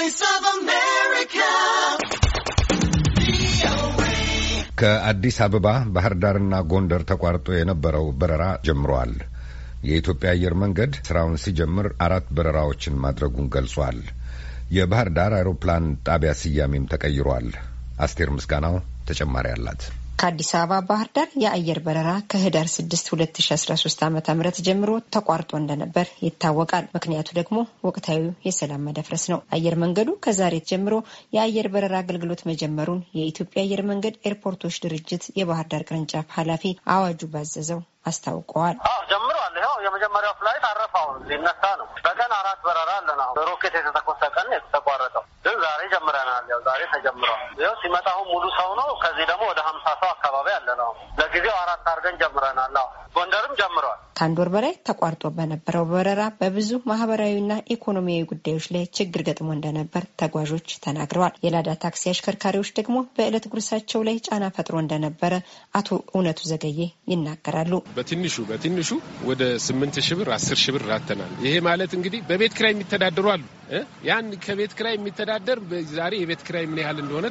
Voice ከአዲስ አበባ ባህር ዳርና ጎንደር ተቋርጦ የነበረው በረራ ጀምሯል። የኢትዮጵያ አየር መንገድ ስራውን ሲጀምር አራት በረራዎችን ማድረጉን ገልጿል። የባህር ዳር አውሮፕላን ጣቢያ ስያሜም ተቀይሯል። አስቴር ምስጋናው ተጨማሪ አላት። ከአዲስ አበባ ባህር ዳር የአየር በረራ ከህዳር 6 2013 ዓ ም ጀምሮ ተቋርጦ እንደነበር ይታወቃል። ምክንያቱ ደግሞ ወቅታዊ የሰላም መደፍረስ ነው። አየር መንገዱ ከዛሬ ጀምሮ የአየር በረራ አገልግሎት መጀመሩን የኢትዮጵያ አየር መንገድ ኤርፖርቶች ድርጅት የባህር ዳር ቅርንጫፍ ኃላፊ አዋጁ ባዘዘው አስታውቀዋል። የመጀመሪያው ፍላይት አረፋው ሊነሳ ነው። በቀን አራት በረራ አለን። አሁን ሮኬት የተተኮሰ ቀን የተቋረጠው ግን ዛሬ ጀምረናል። ያው ዛሬ ተጀምረዋል። ይኸው ሲመጣ አሁን ሙሉ ሰው ነው። ከዚህ ደግሞ ወደ ሀምሳ ሰው አካባቢ አለ ነው። ለጊዜው አራት አድርገን ጀምረናል። ከአንድ ወር በላይ ተቋርጦ በነበረው በረራ በብዙ ማህበራዊና ኢኮኖሚያዊ ጉዳዮች ላይ ችግር ገጥሞ እንደነበር ተጓዦች ተናግረዋል። የላዳ ታክሲ አሽከርካሪዎች ደግሞ በዕለት ጉርሳቸው ላይ ጫና ፈጥሮ እንደነበረ አቶ እውነቱ ዘገየ ይናገራሉ። በትንሹ በትንሹ ወደ ስምንት ሺህ ብር አስር ሺህ ብር ራተናል። ይሄ ማለት እንግዲህ በቤት ክራይ የሚተዳደሩ አሉ ያን ከቤት ክራይ የሚተዳደር ዛሬ የቤት ክራይ ምን ያህል እንደሆነ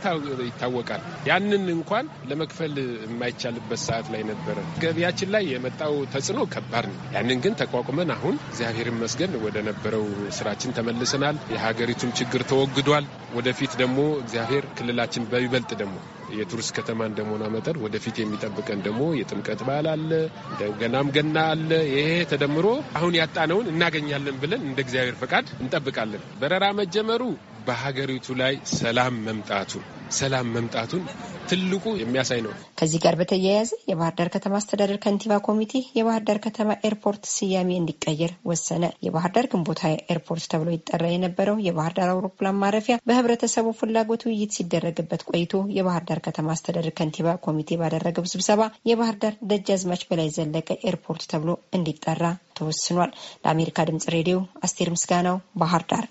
ይታወቃል። ያንን እንኳን ለመክፈል የማይቻልበት ሰዓት ላይ ነበረ። ገቢያችን ላይ የመጣው ተጽዕኖ ከባድ ነው። ያንን ግን ተቋቁመን አሁን እግዚአብሔር ይመስገን ወደ ነበረው ስራችን ተመልሰናል። የሀገሪቱም ችግር ተወግዷል። ወደፊት ደግሞ እግዚአብሔር ክልላችን በይበልጥ ደግሞ የቱሪስት ከተማ እንደመሆኗ መጠን ወደፊት የሚጠብቀን ደግሞ የጥምቀት በዓል አለ፣ ገናም ገና አለ። ይሄ ተደምሮ አሁን ያጣነውን እናገኛለን ብለን እንደ እግዚአብሔር ፈቃድ እንጠብቃለን። በረራ መጀመሩ በሀገሪቱ ላይ ሰላም መምጣቱ ሰላም መምጣቱን ትልቁ የሚያሳይ ነው። ከዚህ ጋር በተያያዘ የባህር ዳር ከተማ አስተዳደር ከንቲባ ኮሚቴ የባህር ዳር ከተማ ኤርፖርት ስያሜ እንዲቀየር ወሰነ። የባህር ዳር ግንቦት ኤርፖርት ተብሎ ይጠራ የነበረው የባህር ዳር አውሮፕላን ማረፊያ በህብረተሰቡ ፍላጎት ውይይት ሲደረግበት ቆይቶ የባህር ዳር ከተማ አስተዳደር ከንቲባ ኮሚቴ ባደረገው ስብሰባ የባህር ዳር ደጃዝማች በላይ ዘለቀ ኤርፖርት ተብሎ እንዲጠራ ተወስኗል። ለአሜሪካ ድምጽ ሬዲዮ አስቴር ምስጋናው ባህር ዳር